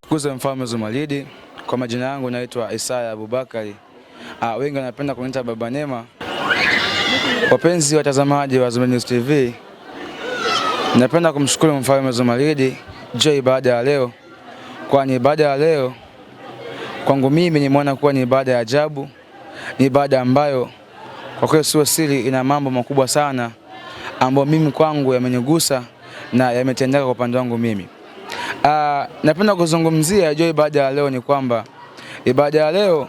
Tukuze mfalme Zumaridi. Kwa majina yangu naitwa Isaya Abubakari, ah, wengi wanapenda kuniita Baba Nema. Wapenzi watazamaji wa Zumaridi News TV, napenda kumshukuru mfalme Zumaridi juu ya ibada ya leo, kwani ibada ya leo kwangu mimi nimeona kuwa ni ibada ya ajabu, ni ibada ambayo kwa kweli sio siri, ina mambo makubwa sana ambayo mimi kwangu yamenigusa na yametendeka kwa upande wangu mimi. Uh, napenda kuzungumzia juu ibada ya leo ni kwamba ibada ya leo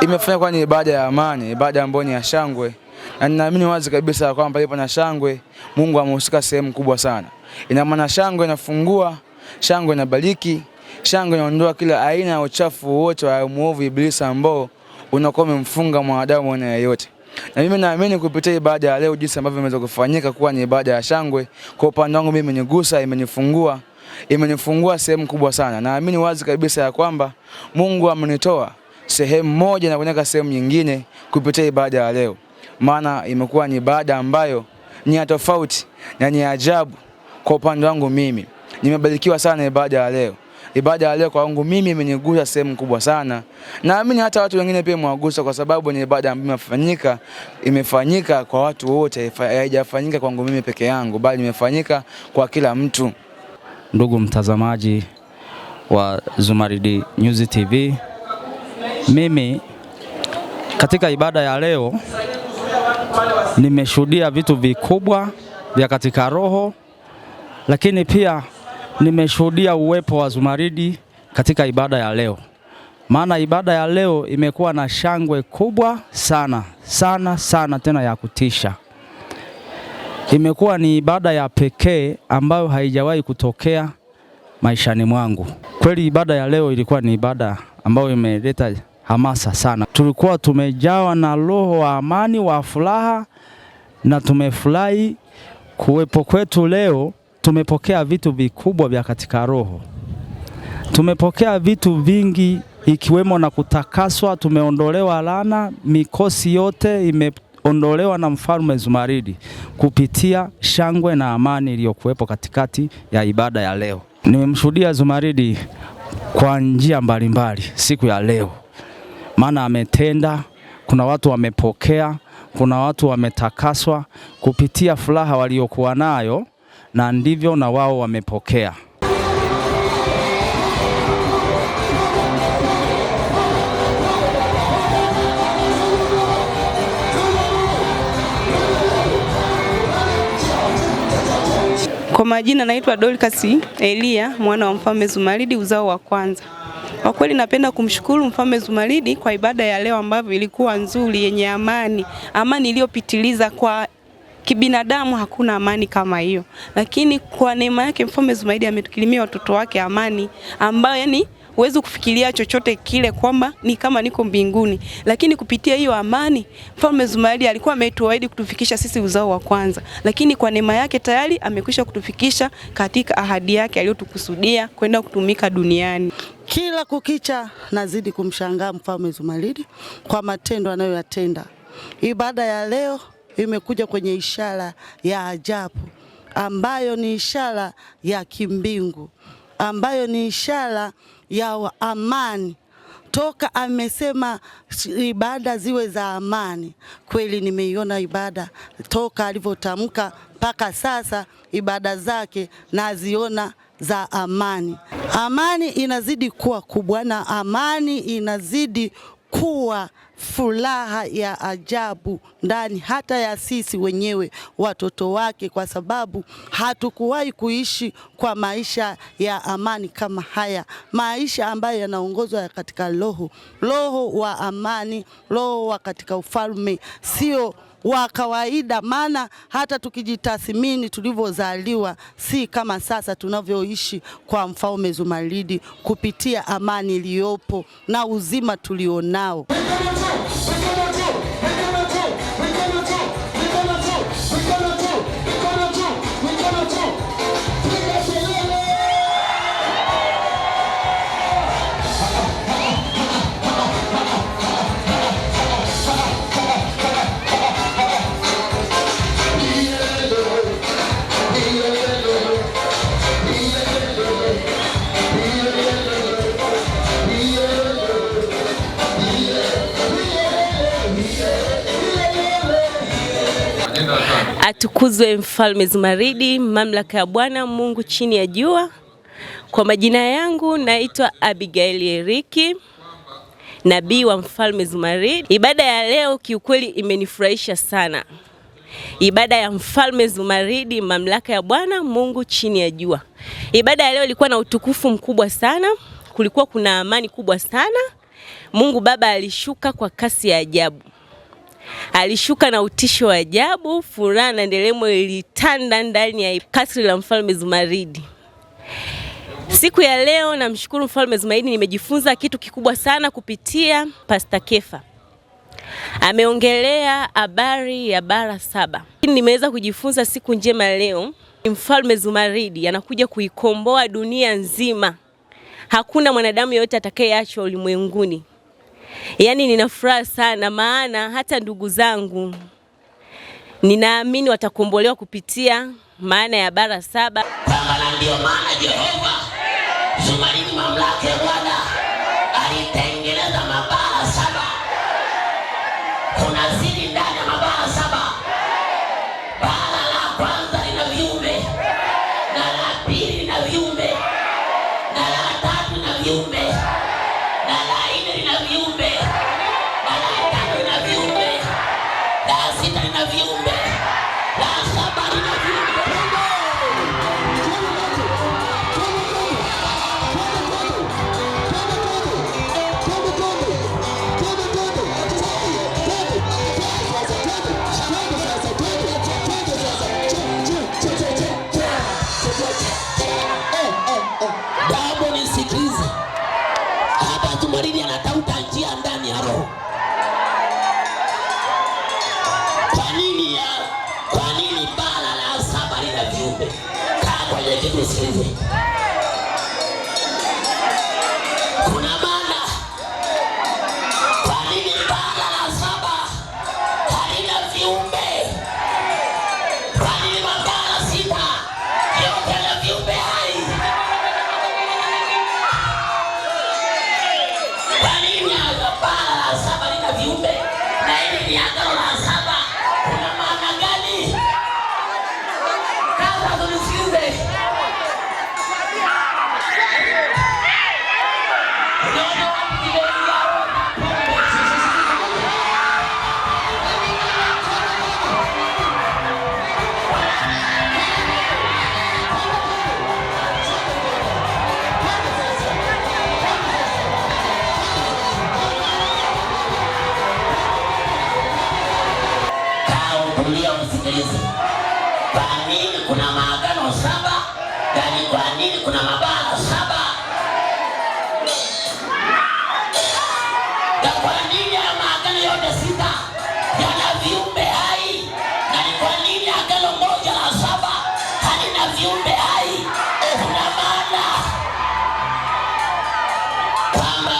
imefanya kwa ni ibada ya amani, ibada ambayo ni ya shangwe, na ninaamini wazi kabisa kwamba ipo na shangwe Mungu amehusika sehemu kubwa sana. Ina maana shangwe inafungua, shangwe inabariki, shangwe inaondoa kila aina ya uchafu wote wa muovu Ibilisi ambao unakuwa umemfunga mwanadamu na yeyote na mimi naamini kupitia ibada ya leo jinsi ambavyo imeweza kufanyika kuwa ni ibada ya shangwe, kwa upande wangu mimi imenigusa, imenifungua imenifungua sehemu kubwa sana. Naamini wazi kabisa ya kwamba Mungu amenitoa sehemu moja na kuniweka sehemu nyingine kupitia ibada ya leo, maana imekuwa ni ibada ambayo ni ya tofauti na ni ajabu kwa upande wangu mimi. Nimebarikiwa sana ibada ya leo. Ibada ya leo kwangu mimi imenigusa sehemu kubwa sana, naamini hata watu wengine pia imewagusa, kwa sababu ni ibada ambayo imefanyika imefanyika kwa watu wote, haijafanyika kwangu mimi peke yangu, bali imefanyika kwa kila mtu ndugu mtazamaji wa Zumaridi News TV. Mimi katika ibada ya leo nimeshuhudia vitu vikubwa vya katika roho, lakini pia nimeshuhudia uwepo wa Zumaridi katika ibada ya leo, maana ibada ya leo imekuwa na shangwe kubwa sana sana sana, tena ya kutisha. Imekuwa ni ibada ya pekee ambayo haijawahi kutokea maishani mwangu. Kweli ibada ya leo ilikuwa ni ibada ambayo imeleta hamasa sana. Tulikuwa tumejawa na roho wa amani wa furaha, na tumefurahi kuwepo kwetu leo. Tumepokea vitu vikubwa vya katika roho, tumepokea vitu vingi, ikiwemo na kutakaswa, tumeondolewa lana mikosi yote ime ondolewa na mfalme Zumaridi kupitia shangwe na amani iliyokuwepo katikati ya ibada ya leo. Nimemshuhudia Zumaridi kwa njia mbalimbali siku ya leo, maana ametenda, kuna watu wamepokea, kuna watu wametakaswa kupitia furaha waliokuwa nayo, na ndivyo na wao wamepokea. Kwa majina naitwa Dorcas Elia mwana wa Mfalme Zumaridi uzao wa kwanza. Kwa kweli napenda kumshukuru Mfalme Zumaridi kwa ibada ya leo ambavyo ilikuwa nzuri yenye amani, amani iliyopitiliza kwa kibinadamu hakuna amani kama hiyo, lakini kwa neema yake Mfalme Zumaridi ametukilimia watoto wake amani ambayo yani huwezi kufikiria chochote kile kwamba ni kama niko mbinguni, lakini kupitia hiyo amani, Mfalme Zumaridi alikuwa ametuahidi kutufikisha sisi uzao wa kwanza, lakini kwa neema yake tayari amekwisha kutufikisha katika ahadi yake aliyotukusudia kwenda kutumika duniani. Kila kukicha nazidi kumshangaa Mfalme Zumaridi kwa matendo anayoyatenda. Ibada ya leo imekuja kwenye ishara ya ajabu ambayo ni ishara ya kimbingu ambayo ni ishara ya amani toka amesema ibada ziwe za amani. Kweli nimeiona ibada toka alivyotamka mpaka sasa, ibada zake naziona za amani. Amani inazidi kuwa kubwa na amani inazidi kuwa furaha ya ajabu ndani hata ya sisi wenyewe watoto wake, kwa sababu hatukuwahi kuishi kwa maisha ya amani kama haya, maisha ambayo yanaongozwa katika roho roho wa amani, roho wa katika ufalme, sio wa kawaida, maana hata tukijitathmini tulivyozaliwa si kama sasa tunavyoishi kwa Mfalme Zumaridi kupitia amani iliyopo na uzima tulionao Atukuzwe Mfalme Zumaridi, mamlaka ya Bwana Mungu chini ya jua. Kwa majina yangu naitwa Abigail Eriki, nabii wa Mfalme Zumaridi. Ibada ya leo kiukweli imenifurahisha sana. Ibada ya Mfalme Zumaridi, mamlaka ya Bwana Mungu chini ya jua. Ibada ya leo ilikuwa na utukufu mkubwa sana, kulikuwa kuna amani kubwa sana. Mungu Baba alishuka kwa kasi ya ajabu. Alishuka na utisho wa ajabu, furaha na nderemo ilitanda ndani ya kasri la Mfalme Zumaridi. Siku ya leo namshukuru Mfalme Zumaridi, nimejifunza kitu kikubwa sana kupitia Pasta Kefa. Ameongelea habari ya bara saba. Nimeweza kujifunza siku njema leo. Mfalme Zumaridi anakuja kuikomboa dunia nzima. Hakuna mwanadamu yeyote atakayeachwa ulimwenguni. Yaani nina furaha sana, maana hata ndugu zangu ninaamini watakombolewa kupitia maana ya bara saba. Maana ndio maana Jehova mamlaka ya Bwana alitengeneza mabara saba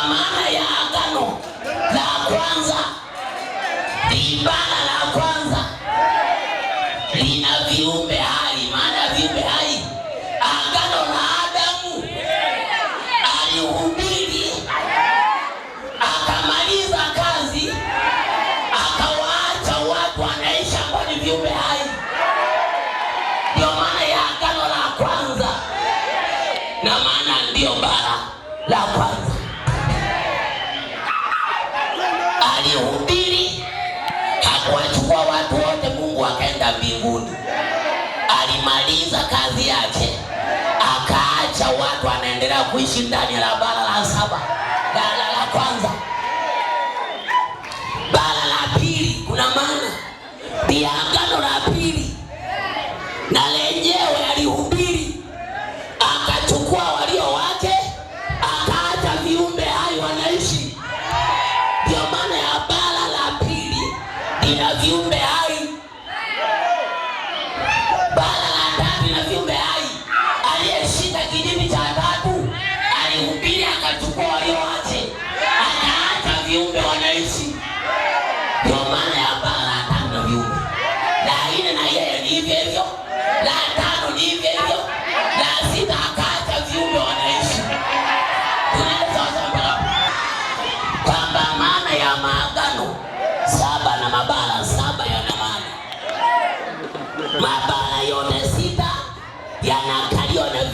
maana ya agano la kwanza aliohubiri hakuwachukua watu wote, Mungu akaenda mbinguni, alimaliza kazi yake, akaacha watu anaendelea kuishi ndani ya bara la saba, bara la kwanza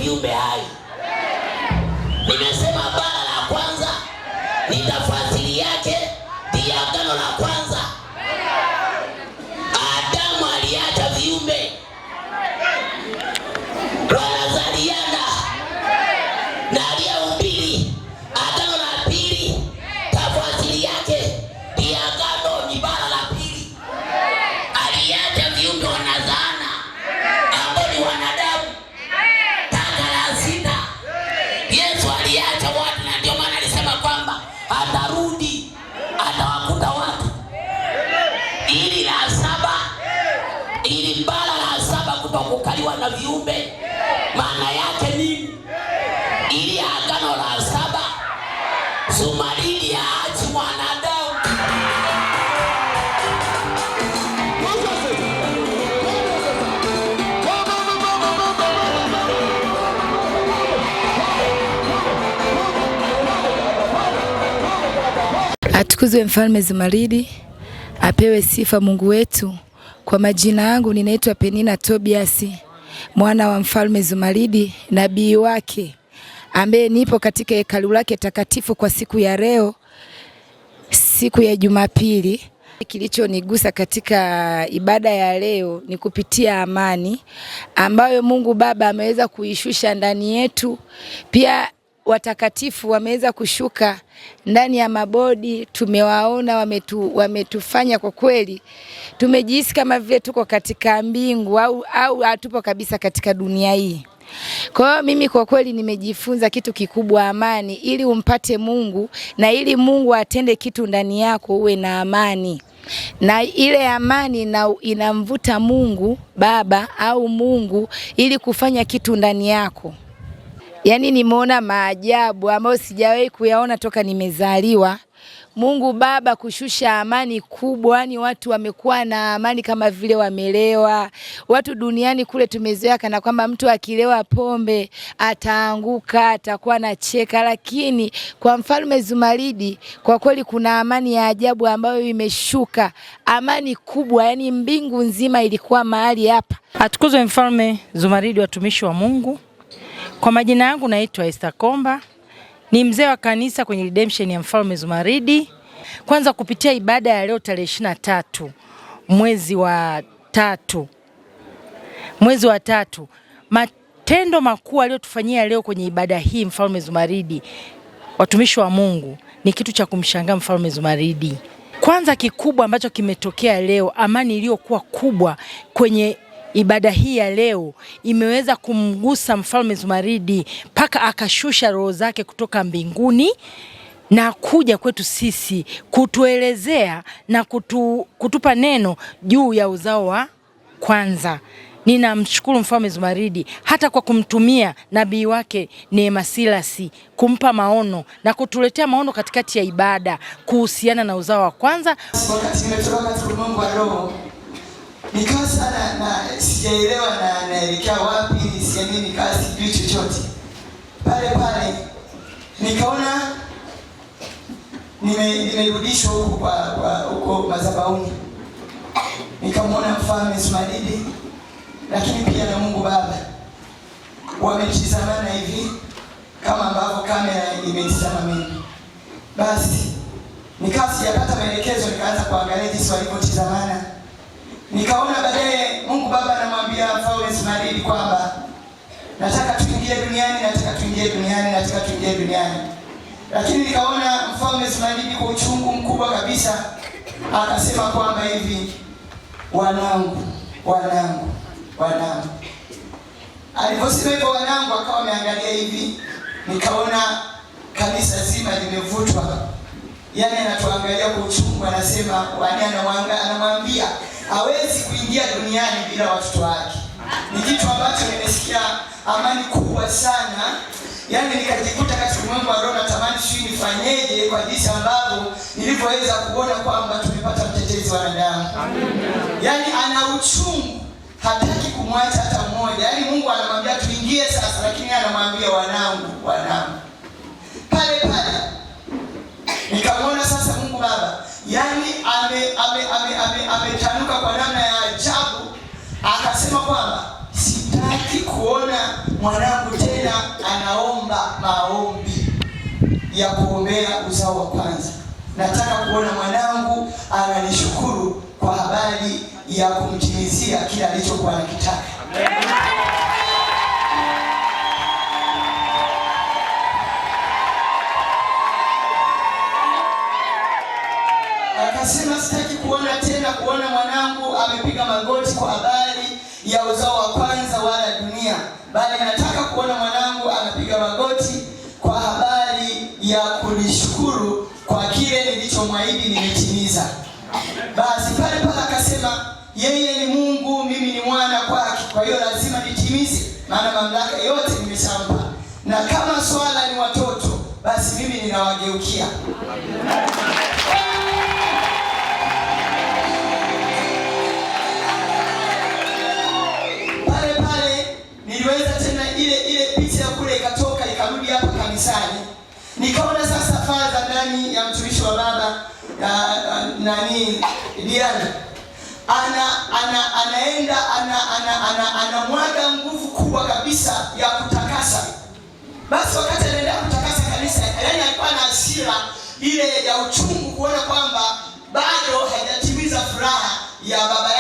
viumbe hai. na viumbe. Maana yake nini? Ili agano la saba sumarili ya aji mwanadamu Atukuzwe mfalme Zumaridi, apewe sifa Mungu wetu. Kwa majina yangu ninaitwa Penina Tobiasi mwana wa mfalme Zumaridi nabii wake ambaye nipo katika hekalu lake takatifu kwa siku ya leo, siku ya Jumapili. Kilichonigusa katika ibada ya leo ni kupitia amani ambayo Mungu Baba ameweza kuishusha ndani yetu, pia watakatifu wameweza kushuka ndani ya mabodi, tumewaona wametu, wametufanya kwa kweli tumejihisi kama vile tuko katika mbingu au, au hatupo kabisa katika dunia hii. Kwa hiyo mimi kwa kweli nimejifunza kitu kikubwa, amani. Ili umpate Mungu na ili Mungu atende kitu ndani yako, uwe na amani, na ile amani na inamvuta Mungu Baba au Mungu ili kufanya kitu ndani yako yani nimeona maajabu ambayo sijawahi kuyaona toka nimezaliwa. Mungu Baba kushusha amani kubwa, yani watu wamekuwa na amani kama vile wamelewa. Watu duniani kule tumezoea kana kwamba mtu akilewa pombe ataanguka, atakuwa na cheka, lakini kwa Mfalme Zumaridi kwa kweli kuna amani ya ajabu ambayo imeshuka, amani kubwa, yani mbingu nzima ilikuwa mahali hapa. Atukuzwe Mfalme Zumaridi, watumishi wa Mungu. Kwa majina yangu naitwa Esther Komba, ni mzee wa kanisa kwenye Redemption ya Mfalme Zumaridi. Kwanza kupitia ibada ya leo tarehe ishirini na tatu mwezi wa tatu mwezi wa tatu, matendo makuu aliyotufanyia leo kwenye ibada hii Mfalme Zumaridi, watumishi wa Mungu, ni kitu cha kumshangaa Mfalme Zumaridi. Kwanza kikubwa ambacho kimetokea leo, amani iliyokuwa kubwa kwenye ibada hii ya leo imeweza kumgusa Mfalme Zumaridi mpaka akashusha roho zake kutoka mbinguni na kuja kwetu sisi kutuelezea na kutu, kutupa neno juu ya uzao wa kwanza. Ninamshukuru Mfalme Zumaridi hata kwa kumtumia nabii wake Neema Silasi kumpa maono na kutuletea maono katikati ya ibada kuhusiana na uzao wa kwanza. Wakati katika ulimwengu wa roho nikawa sana na sijaelewa na naelekea wapi, siamini, nikawa sijui chochote pale pale. Nikaona nimerudishwa nime huko kwa kwa huko mazabauni, nikamwona Mfalme Ismail, lakini pia na Mungu Baba wametizamana hivi kama ambavyo kamera imetizama mimi. Basi nikawa sijapata maelekezo, nikaanza kuangalia jinsi walivyotizamana Nikaona baadaye Mungu Baba anamwambia Paulo Ismaili kwamba nataka tuingie duniani, nataka tuingie duniani, nataka tuingie duniani. Lakini nikaona Mfalme Ismaili kwa uchungu mkubwa kabisa akasema kwamba hivi, wanangu, wanangu, wanangu. Aliposema hivyo wanangu, akawa ameangalia hivi, nikaona kanisa zima limevutwa, yaani anatuangalia kwa uchungu, anasema wani, anamwambia hawezi kuingia duniani bila watoto wake. Ni kitu ambacho nimesikia amani kubwa sana, yaani nikajikuta katika ulimwengu wa roho, natamani sijui nifanyeje kwa jinsi ambavyo nilivyoweza kuona kwamba tumepata mtetezi wa wanadamu, yaani ana uchungu, hataki kumwacha hata mmoja. Yaani Mungu anamwambia tuingie sasa, lakini anamwambia wanangu, wanangu. Pale pale nikamwona sasa Mungu Baba yani amechanuka ame, ame, ame, ame kwa namna ya ajabu, akasema kwamba sitaki kuona mwanangu tena anaomba maombi ya kuombea uzao wa kwanza. Nataka kuona mwanangu ananishukuru kwa habari ya kumtimizia kila alichokuwa anakitaka. Akasema, sitaki kuona tena kuona mwanangu amepiga magoti kwa habari ya uzao wa kwanza wala dunia, bali nataka kuona mwanangu anapiga magoti kwa habari ya kunishukuru kwa kile nilichomwahidi nimetimiza. Basi pale pale akasema, yeye ni Mungu, mimi ni mwana kwake, kwa hiyo lazima nitimize, maana mamlaka yote nimeshampa, na kama swala ni watoto, basi mimi ninawageukia. father ndani ya mtumishi wa baba nani Diana ana- ana- anaenda anamwaga nguvu kubwa kabisa ya kutakasa. Basi wakati anaenda kutakasa kanisa, yani alikuwa na hasira ile ya uchungu kuona kwamba bado hajatimiza furaha ya baba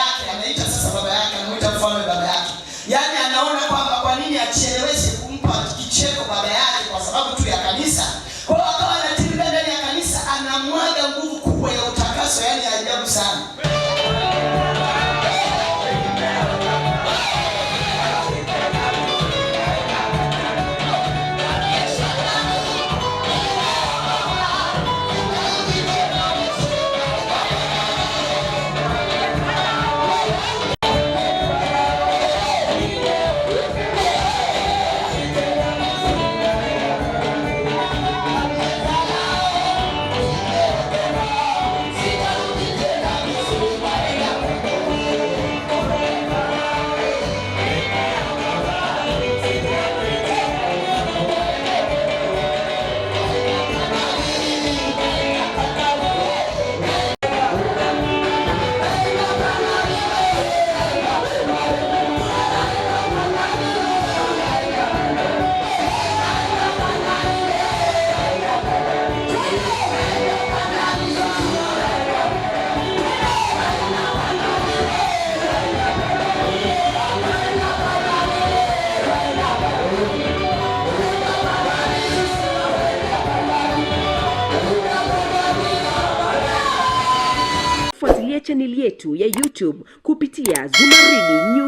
yetu ya YouTube kupitia Zumaridi News.